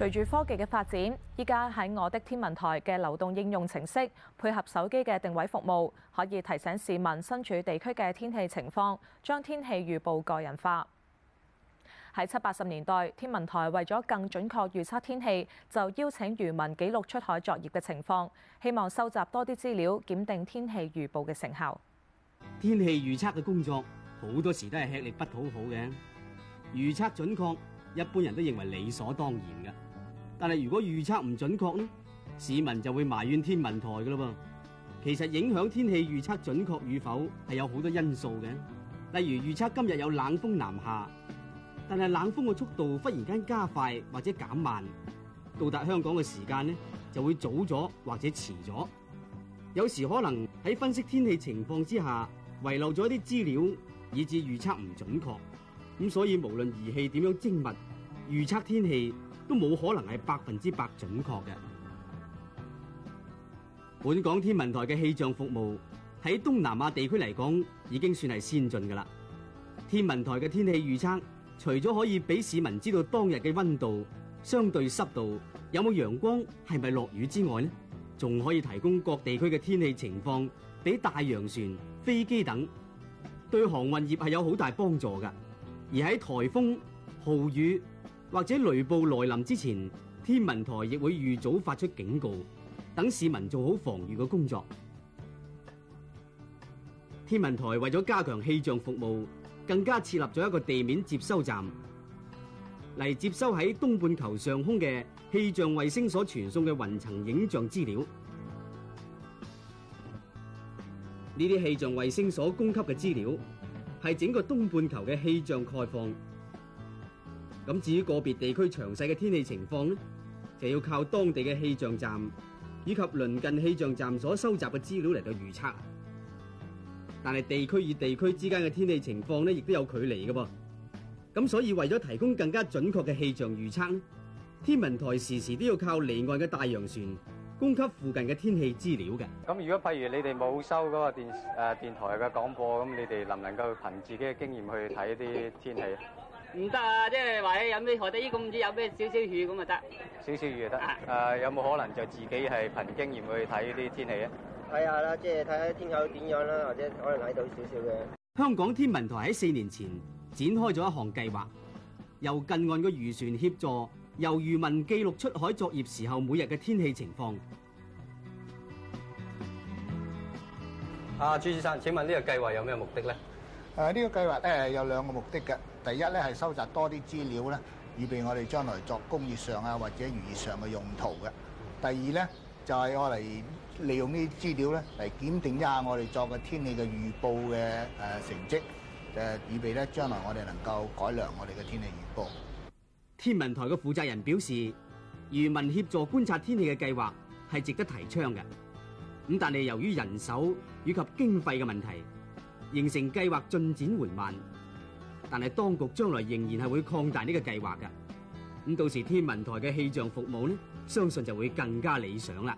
隨住科技嘅發展，依家喺我的天文台嘅流動應用程式，配合手機嘅定位服務，可以提醒市民身處地區嘅天氣情況，將天氣預報個人化。喺七八十年代，天文台為咗更準確預測天氣，就邀請漁民記錄出海作業嘅情況，希望收集多啲資料，檢定天氣預報嘅成效。天氣預測嘅工作好多時都係吃力不討好嘅，預測準確，一般人都認為理所當然嘅。但係如果預測唔準確咧，市民就會埋怨天文台嘅咯噃。其實影響天氣預測準確與否係有好多因素嘅，例如預測今日有冷風南下，但係冷風嘅速度忽然間加快或者減慢，到達香港嘅時間咧就會早咗或者遲咗。有時可能喺分析天氣情況之下遺漏咗一啲資料，以致預測唔準確。咁所以無論儀器點樣精密，預測天氣。都冇可能係百分之百準確嘅。本港天文台嘅氣象服務喺東南亞地區嚟講已經算係先進㗎啦。天文台嘅天氣預測除咗可以俾市民知道當日嘅温度、相對濕度、有冇陽光、係咪落雨之外咧，仲可以提供各地區嘅天氣情況，俾大洋船、飛機等對航運業係有好大幫助㗎。而喺颱風、豪雨，或者雷暴來臨之前，天文台亦會預早發出警告，等市民做好防御嘅工作。天文台為咗加強氣象服務，更加設立咗一個地面接收站，嚟接收喺東半球上空嘅氣象衛星所傳送嘅雲層影像資料。呢啲氣象衛星所供給嘅資料，係整個東半球嘅氣象概況。咁至於個別地區詳細嘅天氣情況咧，就要靠當地嘅氣象站以及鄰近氣象站所收集嘅資料嚟到預測。但係地區與地區之間嘅天氣情況咧，亦都有距離嘅噃。咁所以為咗提供更加準確嘅氣象預測，天文台時時都要靠離岸嘅大洋船供給附近嘅天氣資料嘅。咁如果譬如你哋冇收嗰個電誒電台嘅廣播，咁你哋能唔能夠憑自己嘅經驗去睇啲天氣？唔得啊！即係話你有咩海底咁，唔知有咩少少雨咁啊得。少少雨就得。誒、啊啊，有冇可能就自己係憑經驗去睇呢啲天氣咧？睇下啦，即係睇下天氣點樣啦，或者可能睇到少少嘅。香港天文台喺四年前展開咗一項計劃，由近岸嘅漁船協助，由漁民記錄出海作業時候每日嘅天氣情況。阿朱先生，請問呢個計劃有咩目的咧？誒、啊，呢、呢個計劃誒、呃、有兩個目的嘅。第一咧係收集多啲資料咧，以備我哋將來作工業上啊或者漁業上嘅用途嘅。第二咧就係我嚟利用呢啲資料咧，嚟檢定一下我哋作嘅天氣嘅預報嘅誒成績，誒以備咧將來我哋能夠改良我哋嘅天氣預報。天文台嘅負責人表示，漁民協助觀察天氣嘅計劃係值得提倡嘅。咁但係由於人手以及經費嘅問題，形成計劃進展緩慢。但係當局將來仍然係會擴大呢個計劃噶，咁到時天文台嘅氣象服務呢，相信就會更加理想啦。